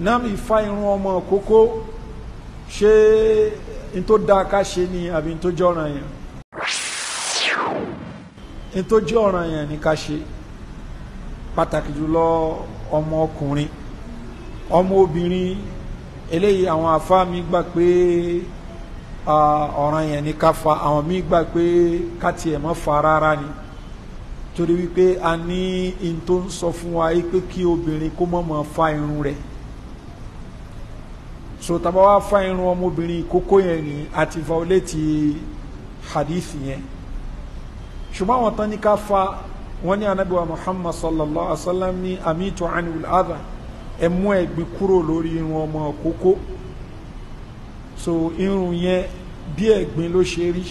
náà ìfa irun ọmọ kókó ṣé n tó dáa ká ṣe ni àbí n tó jẹ́ ọ̀ràn yẹn n tó jẹ́ ọ̀ràn yẹn ni ká ṣe pàtàkì jùlọ ọmọ ọkùnrin ọmọ obìnrin eléyìí àwọn afá mi gbà pé ọ̀ràn yẹn ni ká fa àwọn mi gbà pé ká tiẹ̀ mọ́ fa rárá ni torí wípé a ní n tó ń sọ fún wa pé kí obìnrin kó mọ̀ mọ́ fa irun rẹ̀ so tàbá wá fa irun ọmọbìnrin kókó yẹn ni àti violate hadith yẹn ṣùgbọ́n àwọn tán ní ká fa wọ́n ní anabi wa muhammad sallallahu alaihi wa sallam ní amitu anil adha ẹ mú ẹ̀gbin kúrò lórí irun ọmọ kókó so irun yẹn bí ẹ̀gbin ló ṣe rí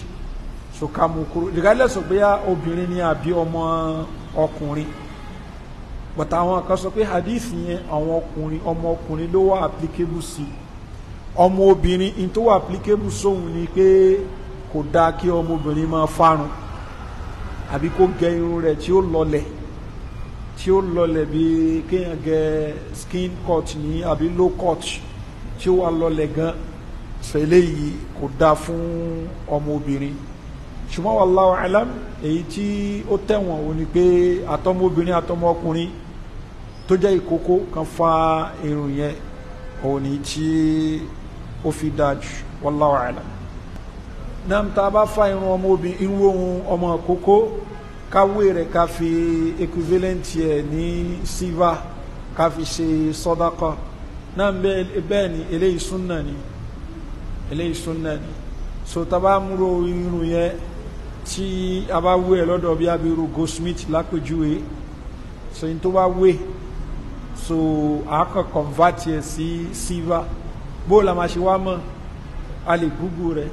so ká mú kúrò regardless of bóyá obìnrin ni àbí ọmọ ọkùnrin bàtà àwọn kan sọ pé hadith yẹn àwọn ọkùnrin ọmọ ọkùnrin ló wà applicable sí i ọmọ obìnrin in tó wà applicable sóhun ni pé kò dáa kí ọmọbìnrin máa fárun àbí kó gẹ irun rẹ̀ tí ó lọlẹ̀ tí ó lọlẹ̀ bí kéèyàn gẹ skin cut ní àbí low cut tí ó wà lọlẹ̀ gan fẹlẹ yìí kò dáa fún ọmọbìnrin ṣùgbọ́n wallahu alam èyí tí ó tẹ̀wọ̀n ò ní pé àtọmọbìnrin àtọmọkùnrin tó jẹ́ ìkókó kan fa irun yẹn òun tí ó fi dájú wallahu a'lam náà tá a bá fa irun ọmọ obìnrin irun ohun ọmọ àkókò káwé rẹ̀ ká fi equivalent ẹ̀ ní silver ká fi ṣe sọ́dákọ̀ náà bẹ́ẹ̀ ni eléyìí súnà ni eléyìí súnà ni so tá a bá múrò irun yẹn tí a bá wé ẹ lọ́dọ̀ bí abiru goldsmith lápèjúwe so n tó bá wé so àákàn convert ẹ sí silver. Si bó la máa ṣe wá mọ́ a lè gúgú rẹ̀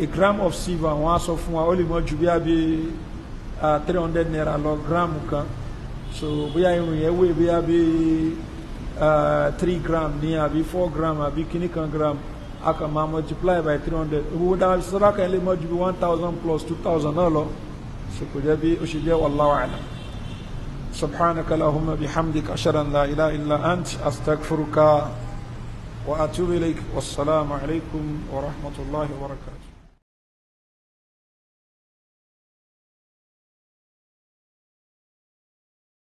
a gram of silver wọ́n á sọ fún wa ó lè mọ́ ju bí a bí three hundred naira lọ gram kan so bóyá irun yẹn wé bóyá bí three gram ní àbí four gram àbí kíní kan gram a kàn máa multiply by three hundred owó dáhùn sọ́dọ̀ kan lè mọ́ ju bí one thousand plus two thousand náà lọ so kò jẹ́ bí ó ṣe jẹ́ wallahu a'lam. سبحانك اللهم بحمدك أشهد أن لا إله إلا أنت أستغفرك وأتوب إليك والسلام عليكم ورحمة الله وبركاته